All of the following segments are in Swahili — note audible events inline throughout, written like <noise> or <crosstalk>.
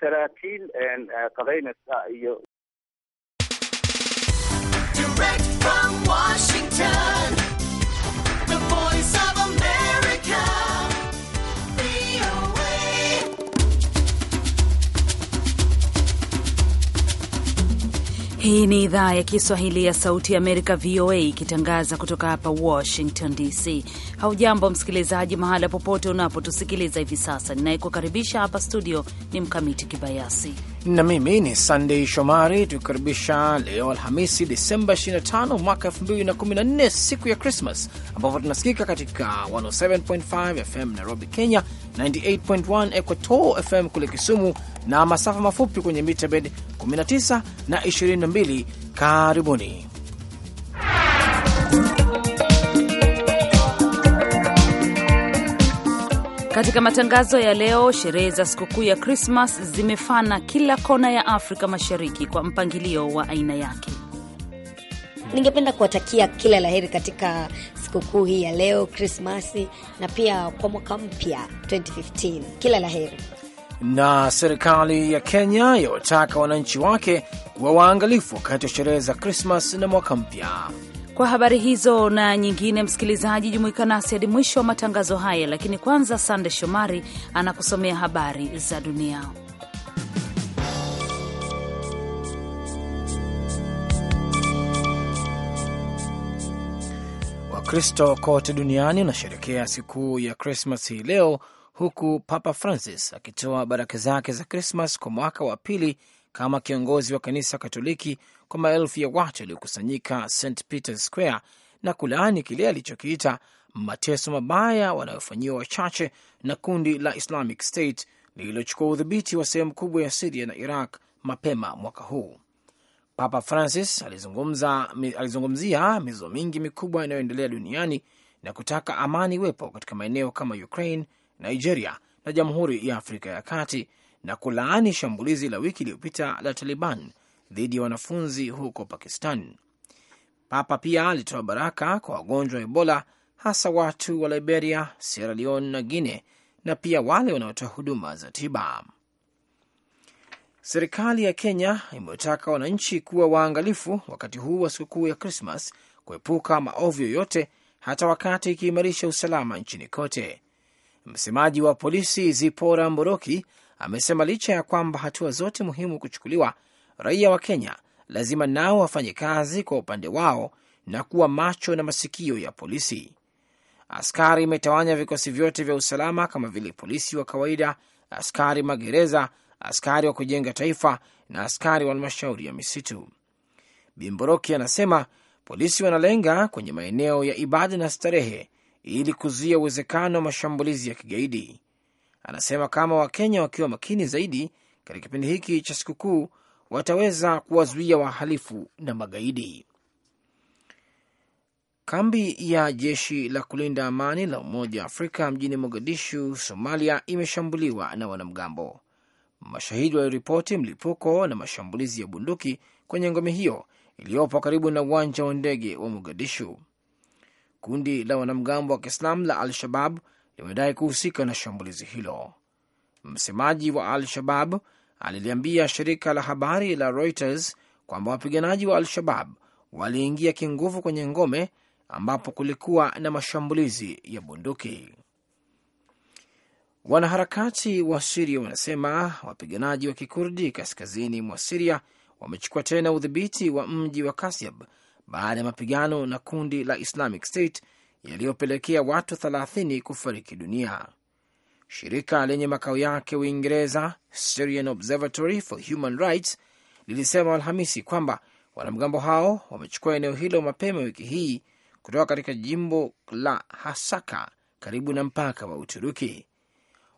saraakiil eh, qadaynaysa ah iyo Hii ni idhaa ya Kiswahili ya Sauti ya Amerika, VOA, ikitangaza kutoka hapa Washington DC. Haujambo msikilizaji, mahala popote unapotusikiliza hivi sasa. Ninayekukaribisha hapa studio ni Mkamiti Kibayasi na mimi ni Sandey Shomari, tukikaribisha leo Alhamisi Disemba 25 mwaka 2014, siku ya Krismas, ambapo tunasikika katika 107.5 FM Nairobi, Kenya, 98.1 Equator FM kule Kisumu, na masafa mafupi kwenye mita bed 19 na 22. Karibuni Katika matangazo ya leo, sherehe za sikukuu ya Krismas zimefana kila kona ya Afrika Mashariki kwa mpangilio wa aina yake. Ningependa kuwatakia kila la heri katika sikukuu hii ya leo Krismasi, na pia kwa mwaka mpya 2015 kila la heri Na serikali ya Kenya yawataka wananchi wake kuwa waangalifu wakati wa sherehe za Krismas na mwaka mpya. Kwa habari hizo na nyingine, msikilizaji, jumuika nasi hadi mwisho wa matangazo haya, lakini kwanza, Sande Shomari anakusomea habari za dunia. Wakristo kote duniani wanasherekea sikukuu ya Krismas hii leo, huku Papa Francis akitoa baraka zake za Krismas kwa mwaka wa pili kama kiongozi wa kanisa Katoliki kwa maelfu ya watu waliokusanyika St Peter's Square na kulaani kile alichokiita mateso mabaya wanayofanyiwa wachache na kundi la Islamic State lililochukua udhibiti wa sehemu kubwa ya Siria na Iraq mapema mwaka huu. Papa Francis alizungumzia mizo mingi mikubwa inayoendelea duniani na kutaka amani iwepo katika maeneo kama Ukraine, Nigeria na Jamhuri ya Afrika ya Kati na kulaani shambulizi la wiki iliyopita la Taliban dhidi ya wanafunzi huko Pakistan. Papa pia alitoa baraka kwa wagonjwa wa Ebola, hasa watu wa Liberia, Sierra Leone na Guine, na pia wale wanaotoa huduma za tiba. Serikali ya Kenya imewataka wananchi kuwa waangalifu wakati huu wa sikukuu ya Krismas kuepuka maovu yoyote, hata wakati ikiimarisha usalama nchini kote. Msemaji wa polisi Zipora Mboroki amesema licha ya kwamba hatua zote muhimu kuchukuliwa, raia wa Kenya lazima nao wafanye kazi kwa upande wao na kuwa macho na masikio ya polisi. Askari imetawanya vikosi vyote vya usalama kama vile polisi wa kawaida, askari magereza, askari wa kujenga taifa na askari wa halmashauri ya misitu. Bimboroki anasema polisi wanalenga kwenye maeneo ya ibada na starehe ili kuzuia uwezekano wa mashambulizi ya kigaidi. Anasema kama Wakenya wakiwa makini zaidi katika kipindi hiki cha sikukuu wataweza kuwazuia wahalifu na magaidi. Kambi ya jeshi la kulinda amani la Umoja wa Afrika mjini Mogadishu, Somalia, imeshambuliwa na wanamgambo. Mashahidi waliripoti mlipuko na mashambulizi ya bunduki kwenye ngome hiyo iliyopo karibu na uwanja wa ndege wa Mogadishu. Kundi la wanamgambo wa Kiislamu la Al-Shabab limedai kuhusika na shambulizi hilo. Msemaji wa Al-Shabab aliliambia shirika la habari la Reuters kwamba wapiganaji wa Al-Shabab waliingia kinguvu kwenye ngome ambapo kulikuwa na mashambulizi ya bunduki. Wanaharakati wa Siria wanasema wapiganaji wa kikurdi kaskazini mwa Siria wamechukua tena udhibiti wa mji wa Kasyab baada ya mapigano na kundi la Islamic State yaliyopelekea watu 30 kufariki dunia. Shirika lenye makao yake Uingereza, Syrian Observatory for Human Rights, lilisema Alhamisi kwamba wanamgambo hao wamechukua eneo hilo mapema wiki hii kutoka katika jimbo la Hasaka karibu na mpaka wa Uturuki.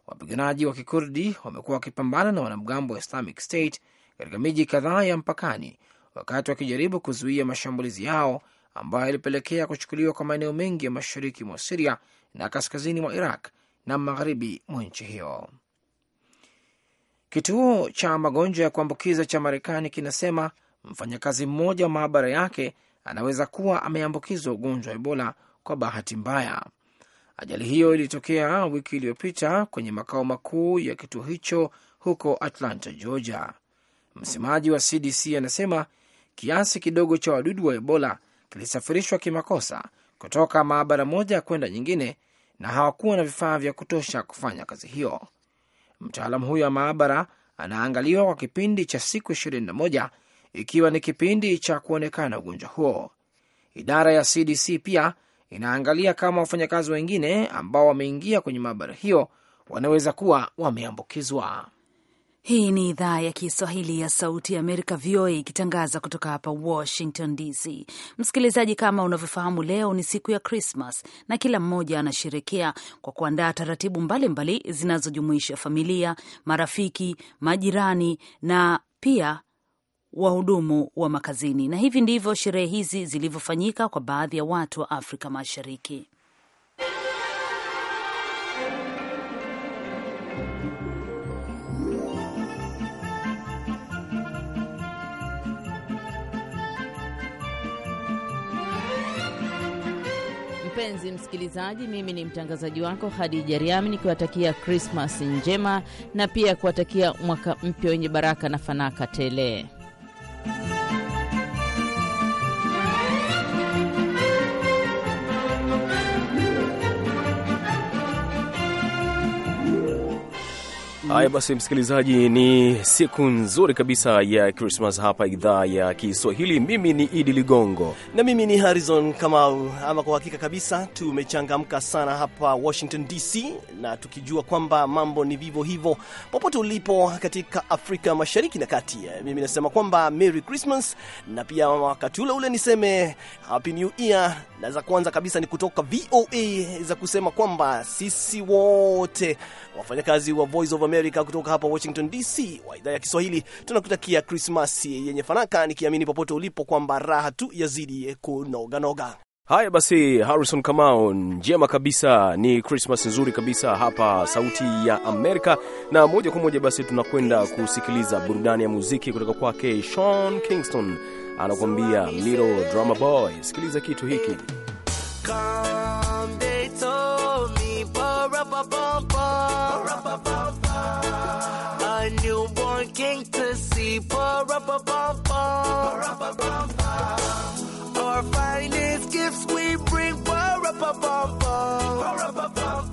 Wapiganaji wa Kikurdi wamekuwa wakipambana na wanamgambo wa Islamic State katika miji kadhaa ya mpakani wakati wakijaribu kuzuia mashambulizi yao ambayo ilipelekea kuchukuliwa kwa maeneo mengi ya mashariki mwa Siria na kaskazini mwa Iraq na magharibi mwa nchi hiyo. Kituo cha magonjwa ya kuambukiza cha Marekani kinasema mfanyakazi mmoja wa maabara yake anaweza kuwa ameambukizwa ugonjwa wa Ebola kwa bahati mbaya. Ajali hiyo ilitokea wiki iliyopita kwenye makao makuu ya kituo hicho huko Atlanta, Georgia. Msemaji wa CDC anasema kiasi kidogo cha wadudu wa Ebola kilisafirishwa kimakosa kutoka maabara moja kwenda nyingine na hawakuwa na vifaa vya kutosha kufanya kazi hiyo. Mtaalamu huyo wa maabara anaangaliwa kwa kipindi cha siku 21 ikiwa ni kipindi cha kuonekana ugonjwa huo. Idara ya CDC pia inaangalia kama wafanyakazi wengine ambao wameingia kwenye maabara hiyo wanaweza kuwa wameambukizwa. Hii ni idhaa ya Kiswahili ya Sauti ya Amerika, VOA, ikitangaza kutoka hapa Washington DC. Msikilizaji, kama unavyofahamu, leo ni siku ya Krismas na kila mmoja anasherekea kwa kuandaa taratibu mbalimbali zinazojumuisha familia, marafiki, majirani na pia wahudumu wa makazini, na hivi ndivyo sherehe hizi zilivyofanyika kwa baadhi ya watu wa Afrika Mashariki. Mpenzi msikilizaji, mimi ni mtangazaji wako Hadija Riami nikiwatakia Krismas njema na pia kuwatakia mwaka mpya wenye baraka na fanaka tele. Haya basi, msikilizaji, ni siku nzuri kabisa ya Christmas hapa idhaa ya Kiswahili. Mimi ni Idi Ligongo na mimi ni Harrison Kamau. Ama kwa hakika kabisa tumechangamka sana hapa Washington DC, na tukijua kwamba mambo ni vivyo hivyo popote ulipo katika Afrika Mashariki na Kati. Mimi nasema kwamba Merry Christmas, na pia wakati ule ule niseme Happy New Year, na za kwanza kabisa ni kutoka VOA za kusema kwamba sisi wote wafanyakazi wa Voice of America Amerika kutoka hapa Washington DC wa idhaa ya Kiswahili. Tunakutakia Krismasi yenye fanaka, nikiamini popote ulipo kwamba raha tu yazidi kunoganoga. Haya basi, Harrison Kamau, njema kabisa, ni krismas nzuri kabisa hapa Sauti ya Amerika. Na moja kwa moja basi tunakwenda kusikiliza burudani ya muziki kutoka kwake Sean Kingston, anakuambia Little Drama Boy. Sikiliza kitu hiki Come, looking to see Ba-ra-ba-bum-bum. Our finest gifts we bring Ba-ra-ba-bum-bum. ba ra ba bum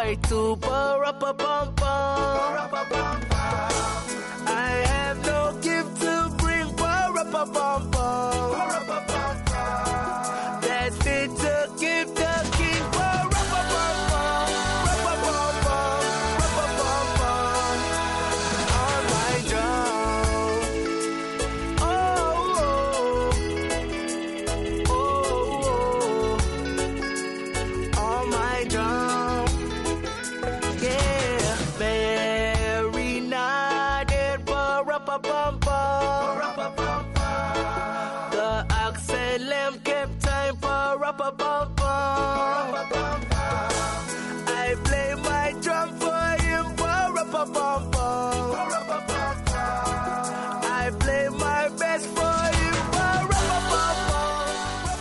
way to burr up a bump bump.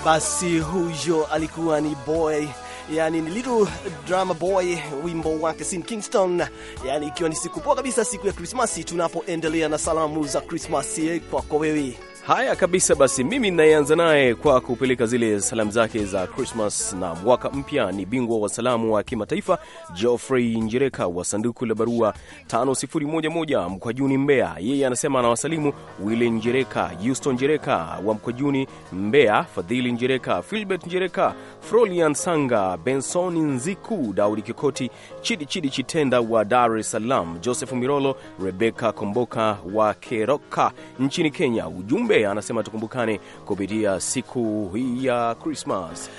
Basi huyo alikuwa ni boy, yani ni little drama boy, wimbo wake Sin Kingston, yani ikiwa ni siku poa kabisa, siku ya Krismasi, tunapoendelea na salamu za Krismasi eh, kwako wewe. Haya kabisa, basi mimi nayeanza naye kwa kupeleka zile salamu zake za Krismas na mwaka mpya ni bingwa wa salamu wa kimataifa Geoffrey Njireka wa sanduku la barua 5011 Mkwajuni, Mbeya. Yeye anasema anawasalimu Wile Njireka, Houston Njireka wa Mkwajuni, Mbeya, Fadhili Njireka, Filbert Njireka, Frolian Sanga, Benson Nziku, Daudi Kikoti, Chidi Chidi Chitenda wa Dar es Salaam, Joseph Mirolo, Rebeka Komboka wa Keroka nchini Kenya. Ujumbe anasema tukumbukane kupitia siku hii ya Krismas.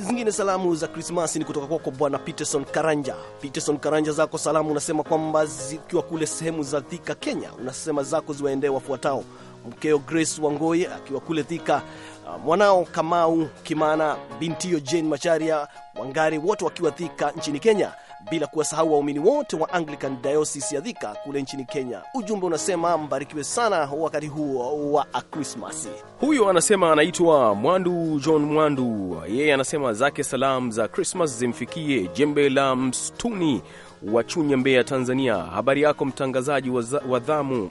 Zingine salamu za Krismas ni kutoka kwako Bwana Peterson Karanja. Peterson Karanja, zako salamu unasema kwamba zikiwa kule sehemu za Thika, Kenya, unasema zako ziwaendee wafuatao: mkeo Grace Wangoi akiwa kule Thika, uh, mwanao Kamau Kimana, bintio Jane Macharia Wangari, wote wakiwa Thika nchini Kenya bila kuwasahau waumini wote wa Anglican Diocese ya Thika kule nchini Kenya. Ujumbe unasema mbarikiwe sana wakati huo wa Krismasi. Huyo anasema anaitwa Mwandu John Mwandu, yeye anasema zake salamu za Krismas zimfikie jembe la mstuni Wachunya, Mbeya, Tanzania. Habari yako mtangazaji wa dhamu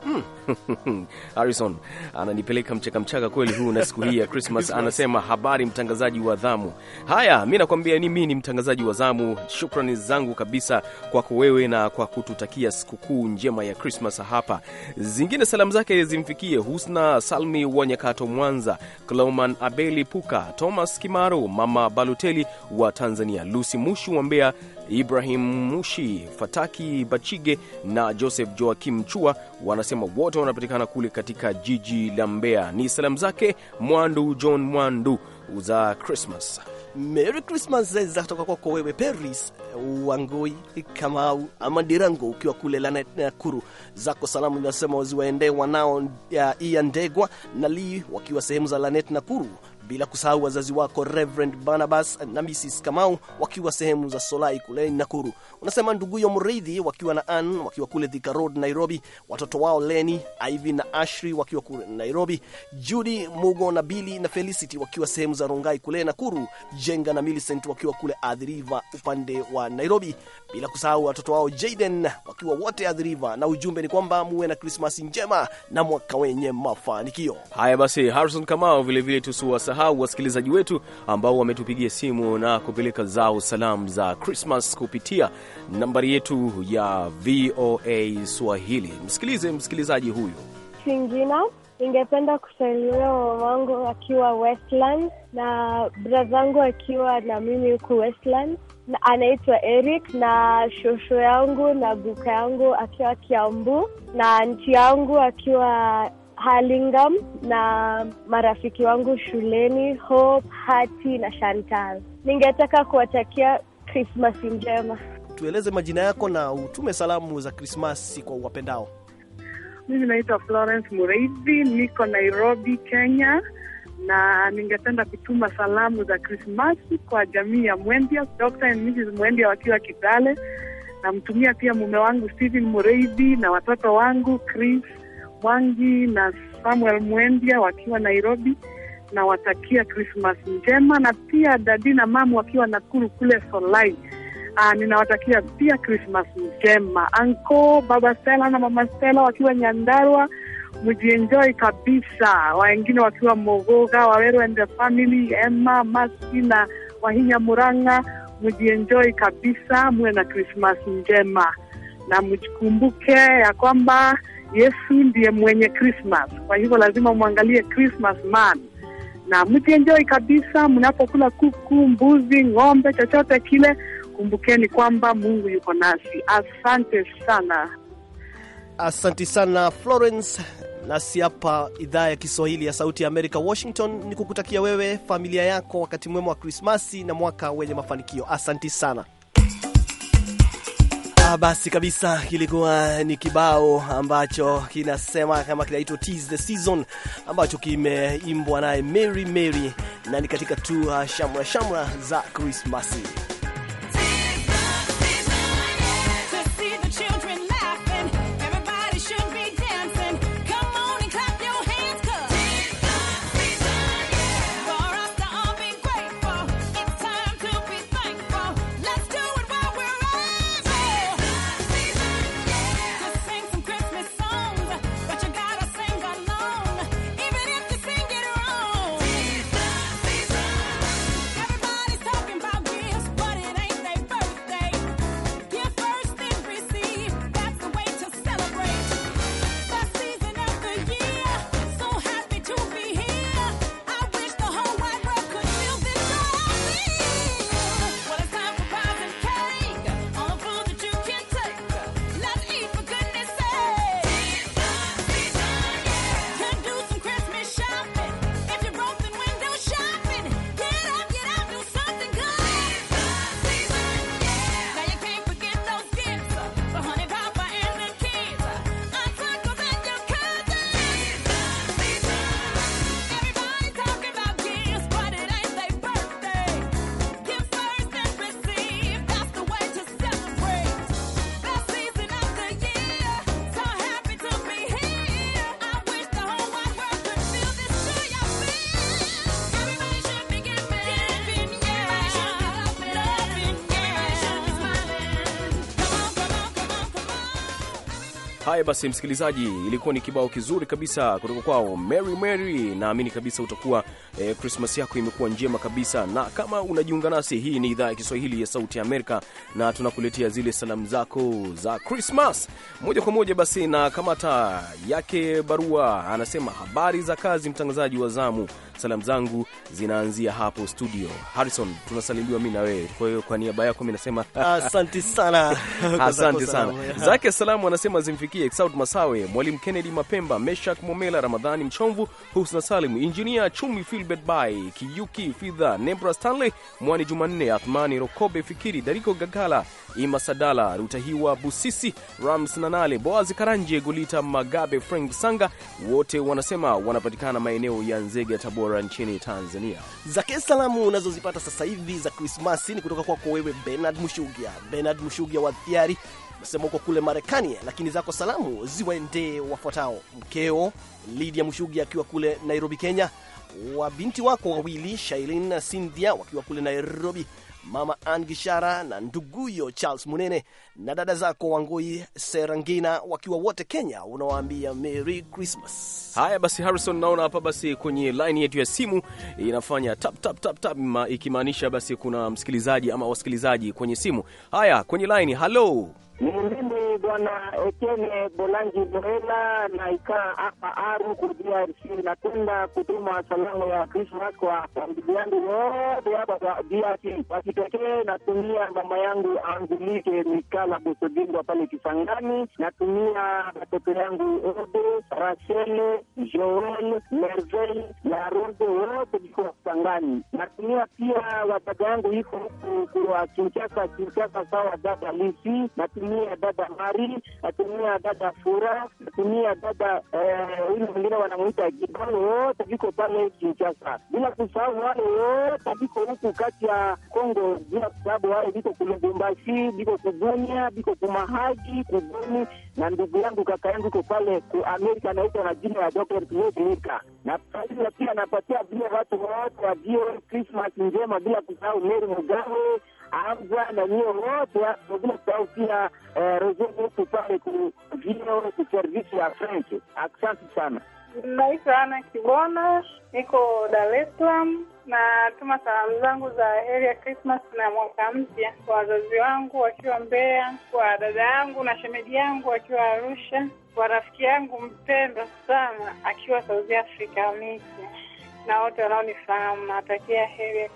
mm. <laughs> Harrison ananipeleka mchaka mchaka kweli huu na siku hii ya Christmas. Anasema habari mtangazaji wa dhamu. Haya, mi nakwambia ni mimi ni mtangazaji wa dhamu. Shukrani zangu kabisa kwako wewe na kwa kututakia sikukuu njema ya Christmas. Hapa zingine salamu zake zimfikie Husna Salmi wa Nyakato, Mwanza, Klauman Abeli Puka, Thomas Kimaro, Mama Baluteli wa Tanzania, Lusi Mushu wa Mbeya Ibrahim Mushi, Fataki Bachige na Joseph Joakim Chua wanasema wote wanapatikana kule katika jiji la Mbeya. Ni salamu zake Mwandu John Mwandu za Christmas. Merry Christmas za kutoka kwako wewe Peris Wangoi Kamau Amadirango, ukiwa kule la Nakuru. Zako salamu nasema waziwaendee wanao uh, ia Ndegwa na Lii wakiwa sehemu za Lanet Nakuru bila kusahau wazazi wako Reverend Barnabas na Mrs Kamau wakiwa sehemu za Solai kule Nakuru. Unasema nduguyo Mridhi wakiwa na Ann wakiwa kule Thika Road Nairobi, watoto wao Leni, Ivy na Ashri wakiwa kule Nairobi, Judy Mugo na Billy na Felicity wakiwa sehemu za Rongai kule Nakuru, Jenga na Millicent wakiwa kule Adhiriva upande wa Nairobi, bila kusahau watoto wao Jaden wakiwa wote Adhiriva, na ujumbe ni kwamba muwe na Krismasi njema na mwaka wenye mafanikio. Haya basi, Harrison Kamau vilevile tusuwasa kusahau wasikilizaji wetu ambao wametupigia simu na kupeleka zao salamu za Krismas kupitia nambari yetu ya VOA Swahili. Msikilize msikilizaji huyu Singina. Ningependa kusalimia mama akiwa Westland na brazangu akiwa na mimi huku Westland, na anaitwa Eric na shosho yangu na guka yangu akiwa Kiambu na nchi yangu akiwa Halingam na marafiki wangu shuleni Hope, Hati na Shantal. Ningetaka kuwatakia Krismasi njema. Tueleze majina yako na utume salamu za Krismasi kwa wapendao. Mimi naitwa Florence Mureithi, niko Nairobi, Kenya, na ningependa kutuma salamu za Krismasi kwa jamii ya mwendia Dr. and Mrs. Mwendia wakiwa Kitale. Namtumia pia mume wangu Steven Mureithi na watoto wangu Chris Mwangi na Samuel mwendia wakiwa Nairobi, na watakia Christmas njema, na pia dadi na mamu wakiwa Nakuru kule Solai. Uh, ninawatakia pia Christmas njema. Anko baba Stella na mama Stella wakiwa Nyandarua, mujienjoy kabisa. Wengine wakiwa Mogoga, Waweru and the family, Emma Masi na Wahinya Muranga, mjienjoi kabisa, muwe na Christmas njema na mjikumbuke ya kwamba Yesu ndiye mwenye Christmas, kwa hivyo lazima mwangalie Christmas man na mjienjoy kabisa. Mnapokula kuku, mbuzi, ng'ombe, chochote kile, kumbukeni kwamba Mungu yuko nasi. Asante sana, asante sana Florence. Nasi hapa idhaa ya Kiswahili ya Sauti ya Amerika, Washington, ni kukutakia wewe, familia yako wakati mwema wa Krismasi na mwaka wenye mafanikio. Asanti sana. Ah, basi kabisa, kilikuwa ni kibao ambacho kinasema kama kinaitwa Tease the Season ambacho kimeimbwa naye Mary Mary na ni katika tu ah, shamra shamra za Krismasi. Haya basi, msikilizaji, ilikuwa ni kibao kizuri kabisa kutoka kwao Mary Mary. Naamini kabisa utakuwa eh, Krismas yako imekuwa njema kabisa, na kama unajiunga nasi, hii ni idhaa ya Kiswahili ya Sauti ya Amerika na tunakuletea zile salamu zako za Krismas moja kwa moja. Basi na kamata yake barua, anasema habari za kazi, mtangazaji wa zamu Salamu zangu zinaanzia hapo studio. Harrison, tunasalimiwa mi na wewe, kwa hiyo kwa niaba yako mi nasema <laughs> asante sana, <laughs> asante sana. Zake salamu anasema zimfikie Exaud Masawe, Mwalimu Kennedy Mapemba, Meshak Momela, Ramadhani Mchomvu, Husna Salim, Injinia Chumi, Filbert Bay, Kiyuki Fidha, Nebra Stanley, Mwani Jumanne, Athmani Rokobe, Fikiri Dariko, Gagala Ima Sadala, Rutahiwa Busisi, Rams Nanale, Boazi Karanje, Gulita Magabe, Frank Sanga, wote wanasema wanapatikana maeneo ya Nzega, Tabora Tabora nchini Tanzania. Zake salamu unazozipata sasa hivi za Krismasi ni kutoka kwako wewe Bernard Mushugia. Bernard Mushugia wa Thiari nasema uko kule Marekani, lakini zako salamu ziwaendee wafuatao: mkeo Lydia Mushugia akiwa kule Nairobi, Kenya, wa binti wako wawili Shailin na Cynthia wakiwa kule Nairobi, mama Ann Gishara na nduguyo Charles Munene na dada zako Wangui Serangina wakiwa wote Kenya, unawaambia Merry Christmas. Haya basi, Harrison, naona hapa basi kwenye line yetu ya simu inafanya tap tap tap tap, ikimaanisha basi kuna msikilizaji ama wasikilizaji kwenye simu. Haya, kwenye line, hello. Bwana Etienne Bolangi Borela na ikaa hapa Aru ku DRC. Napenda kutuma salamu ya Krismas kwa familia yangu yote hapa kwa DRC. Kwa kipekee natumia mama yangu Angulike Mikala Bosodingwa pale Kisangani, natumia watoto yangu Ode, Rachele, Joel, Merveille na Rode wote jiko Kisangani. Natumia pia wadada yangu iko huku kwa Kinshasa, Kinshasa sawa dada Lisi, natumia dada Mari Kiswahili, natumia dada Fura, natumia dada huyu eh, mwingine wanamuita Jiboni, wote viko pale Kinshasa, bila kusahau wale wote viko huku kati ya Kongo, bila kusahau wale viko Kulubumbashi, viko Kubunya, viko kumahaji Kubuni, na ndugu yangu kaka yangu iko pale ku Amerika, anaitwa na jina ya Dr. Kinika na pia napatia vile watu wote wajio Krismas njema, bila kusahau Meri Mugawe agwa na nyie wote wengine kusahau pia eh, rezo pale ku kuservisi ya French. Asante sana. Naitwa Ana kibona niko Dar es Salaam. Natuma salamu zangu za heri ya na mwaka mpya kwa wazazi wangu wakiwa Mbeya, kwa dada yangu na shemeji yangu wakiwa Arusha, kwa rafiki yangu mpendwa sana akiwa South Africa Miki, na wote wanaonifahamu. Natakia heri ya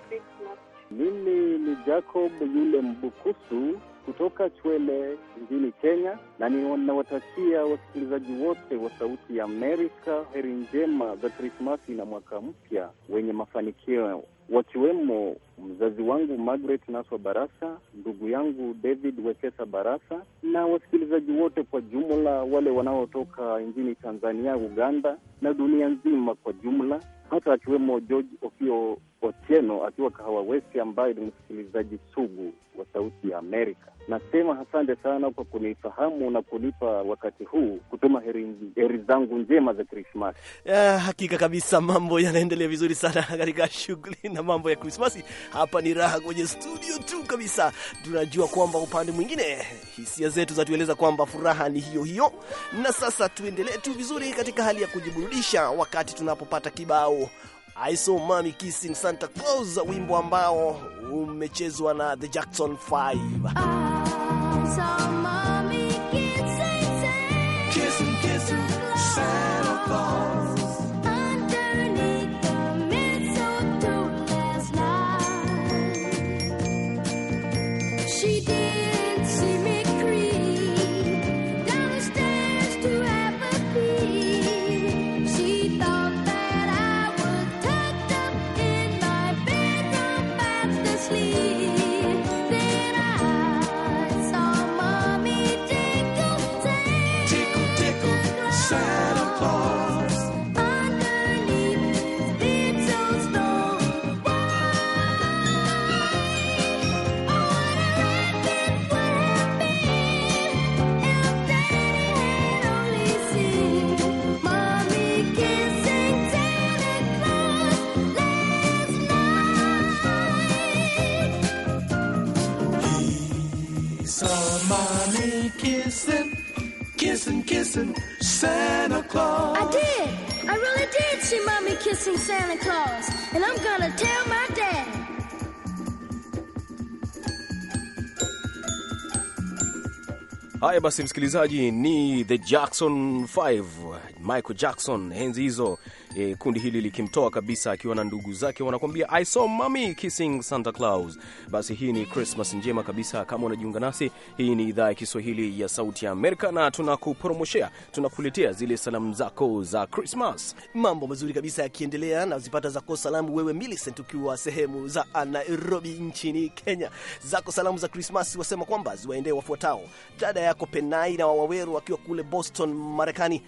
mimi ni Jacob yule Mbukusu kutoka Chwele nchini Kenya, na ninawatakia wasikilizaji wote wa Sauti ya Amerika heri njema za Krismasi na mwaka mpya wenye mafanikio, wakiwemo mzazi wangu Margaret Naswa Barasa, ndugu yangu David Wekesa Barasa na wasikilizaji wote kwa jumla, wale wanaotoka nchini Tanzania, Uganda na dunia nzima kwa jumla, hata akiwemo George Ofio Otieno akiwa Kahawa West, ambaye ni msikilizaji sugu wa Sauti ya Amerika. Nasema asante sana kwa kunifahamu na kunipa wakati huu kutuma heri, heri zangu njema za Krismasi. Eh, hakika kabisa mambo yanaendelea vizuri sana <laughs> katika shughuli na mambo ya Krismasi. Hapa ni raha kwenye studio tu kabisa. Tunajua kwamba upande mwingine hisia zetu zatueleza kwamba furaha ni hiyo hiyo, na sasa tuendelee tu vizuri katika hali ya kujiburudisha wakati tunapopata kibao I Saw Mommy Kissing Santa Claus, wimbo ambao umechezwa na The Jackson 5. Santa Claus, and I'm gonna tell my dad. Haya basi, msikilizaji, ni The Jackson 5, Michael Jackson, enzi hizo e, kundi hili likimtoa kabisa akiwa na ndugu zake wanakuambia I saw mommy kissing Santa Claus. Basi hii ni Christmas njema kabisa. Kama unajiunga nasi, hii ni idhaa ya Kiswahili ya Sauti ya Amerika na tunakupromoshea, tunakuletea zile salamu zako za Christmas. Mambo mazuri kabisa yakiendelea na zipata zako salamu wewe Millicent ukiwa sehemu za Nairobi nchini Kenya. Zako salamu za Christmas wasema kwamba ziwaendee wafuatao: dada yako Penai na Wawaweru wakiwa kule Boston Marekani,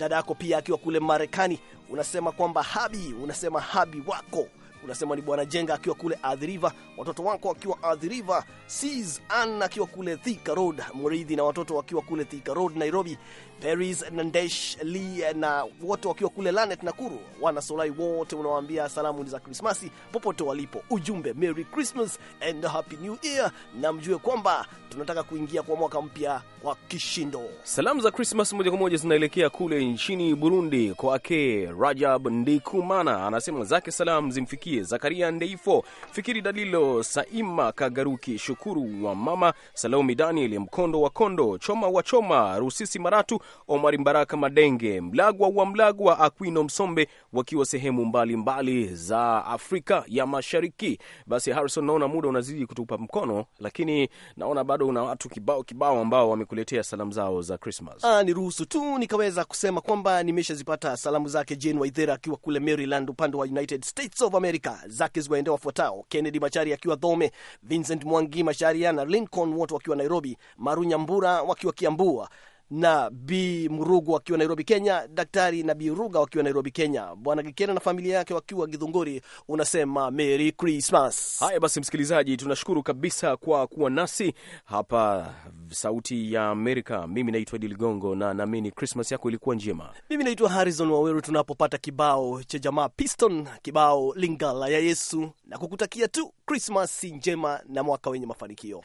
dada yako pia akiwa kule Marekani, unasema kwamba habi, unasema habi wako unasema ni Bwana Jenga akiwa kule Athi watoto wako akiwa Athi Sis Ann akiwa kule Thika Road, Murithi na watoto wakiwa kule Thika Road Nairobi, Paris Nandesh Lee na wote wakiwa kule Lanet Nakuru, wana Solai wote unawaambia salamu za Krismasi popote walipo. Ujumbe Merry Christmas and Happy New Year, na mjue kwamba tunataka kuingia kwa mwaka mpya kwa kishindo. Salamu za Krismas moja kwa moja zinaelekea kule nchini Burundi kwake Rajab Ndikumana, anasema zake salamu zimfikie Zakaria Ndeifo, Fikiri Dalilo, Saima Kagaruki, Shukuru wa mama Salome, Daniel Mkondo wa Kondo, Choma wa Choma, Rusisi Maratu Omar Mbaraka Madenge, Mlagwa wa Mlagwa, Aquino Msombe wakiwa sehemu mbalimbali mbali za Afrika ya Mashariki. Basi Harrison, naona muda unazidi kutupa mkono, lakini naona bado una watu kibao kibao ambao wamekuletea salamu zao za Christmas. Ah, niruhusu tu nikaweza kusema kwamba nimeshazipata salamu zake Jane Waithera akiwa kule Maryland upande wa United States of America, zake ziwaendea wafuatao: Kennedy Machari akiwa Dhome, Vincent Mwangi Macharia na Lincoln wote wakiwa Nairobi, Maru Nyambura wakiwa Kiambua, na B Mrugu wakiwa Nairobi, Kenya, Daktari na B Ruga wakiwa Nairobi, Kenya, Bwana Gikena na familia yake wakiwa Githunguri. Unasema Merry Christmas. Haya basi, msikilizaji, tunashukuru kabisa kwa kuwa nasi hapa Sauti ya Amerika. Mimi naitwa Idi Ligongo na naamini Christmas yako ilikuwa njema. Mimi naitwa Harrison Waweru, tunapopata kibao cha jamaa Piston, kibao Lingala ya Yesu, na kukutakia tu Christmas njema na mwaka wenye mafanikio.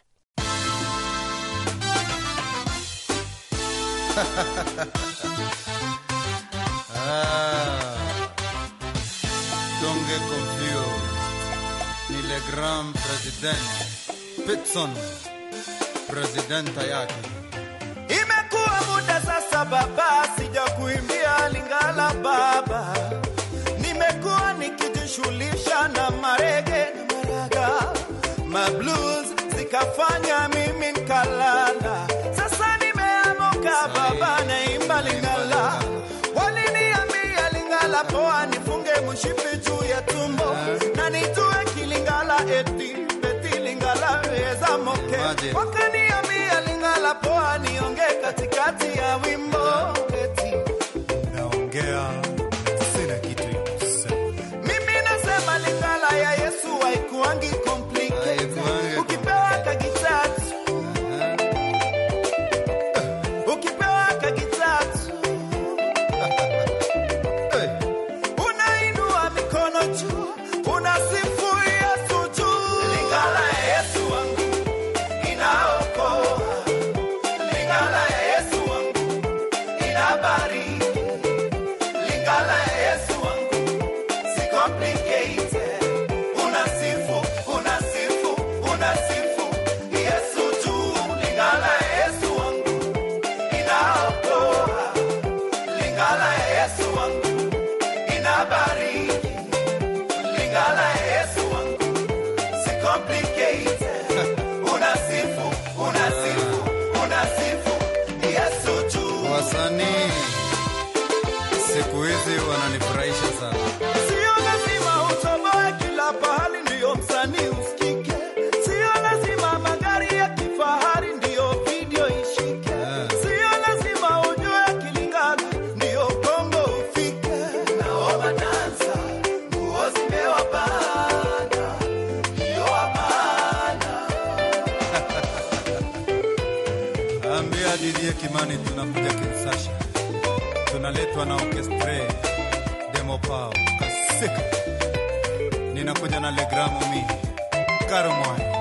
Ah. donge don't Ni le grand president Pitson, presidenta yake. Imekuwa muda sasa baba, sija kuimbia Lingala baba, nimekuwa nikijishughulisha na marege na maraga, mablues zikafanya mimi nkala ushibe juu ya tumbo ah. na nitue kilingala eti beti lingala weza moke wakaniambia lingala poani na orchestre demo pao kasika ninakuja na legramo mi karomwani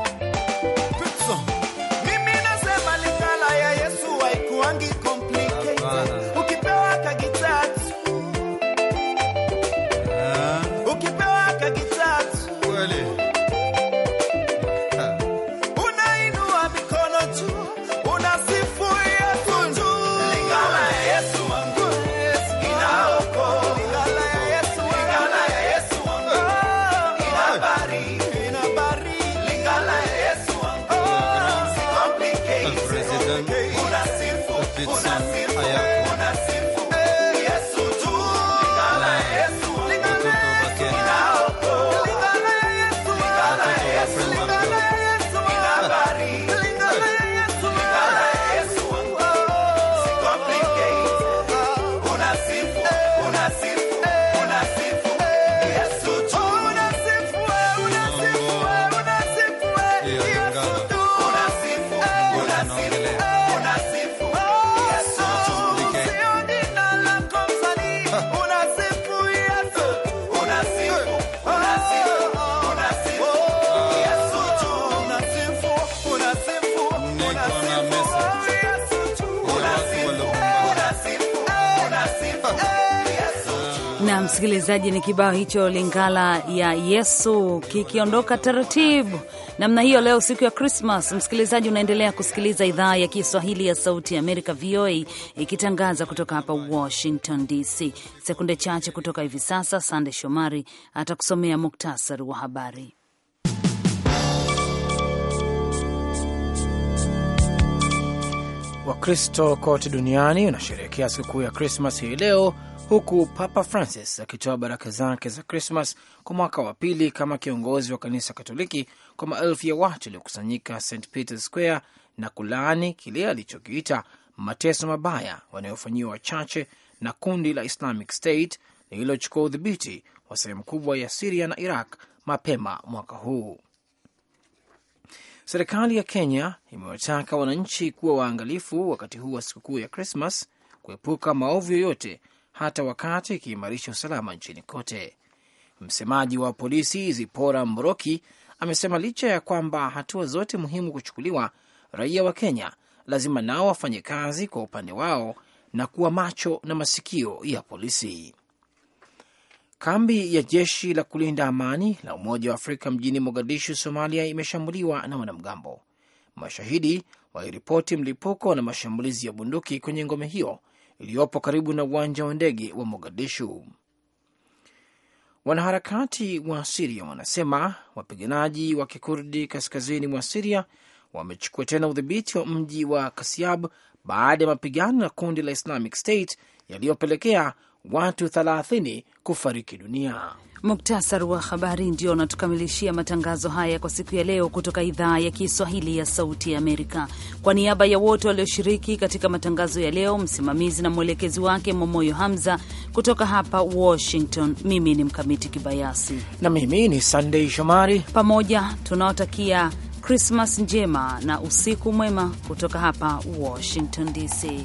msikilizaji, ni kibao hicho Lingala ya Yesu kikiondoka taratibu namna hiyo leo siku ya Krismas. Msikilizaji, unaendelea kusikiliza idhaa ya Kiswahili ya Sauti ya Amerika, VOA, ikitangaza kutoka hapa Washington DC. Sekunde chache kutoka hivi sasa, Sande Shomari atakusomea muktasari wa habari. Wakristo kote duniani unasherehekea sikukuu ya Krismas hii leo huku Papa Francis akitoa baraka zake za Krismas kwa mwaka wa pili kama kiongozi wa kanisa Katoliki kwa maelfu ya watu waliokusanyika St Peter's Square na kulaani kile alichokiita mateso mabaya wanayofanyiwa wachache na kundi la Islamic State lililochukua udhibiti wa sehemu kubwa ya Siria na Iraq mapema mwaka huu. Serikali ya Kenya imewataka wananchi kuwa waangalifu wakati huu wa sikukuu ya Krismas, kuepuka maovu yoyote hata wakati ikiimarisha usalama nchini kote. Msemaji wa polisi Zipora Mroki amesema licha ya kwamba hatua zote muhimu kuchukuliwa, raia wa Kenya lazima nao wafanye kazi kwa upande wao na kuwa macho na masikio ya polisi. Kambi ya jeshi la kulinda amani la Umoja wa Afrika mjini Mogadishu, Somalia, imeshambuliwa na wanamgambo. Mashahidi waliripoti mlipuko na mashambulizi ya bunduki kwenye ngome hiyo iliyopo karibu na uwanja wa ndege wa Mogadishu. Wanaharakati wa Siria wanasema wapiganaji wa kikurdi kaskazini mwa Siria wamechukua tena udhibiti wa mji wa Kasiab baada ya mapigano na kundi la Islamic State yaliyopelekea watu 30 kufariki dunia. Muktasari wa habari ndio unatukamilishia matangazo haya kwa siku ya leo kutoka idhaa ya Kiswahili ya Sauti ya Amerika. Kwa niaba ya wote walioshiriki katika matangazo ya leo, msimamizi na mwelekezi wake Momoyo Hamza, kutoka hapa Washington, mimi ni Mkamiti Kibayasi na mimi ni Sandei Shomari. Pamoja tunaotakia Krismas njema na usiku mwema kutoka hapa Washington DC.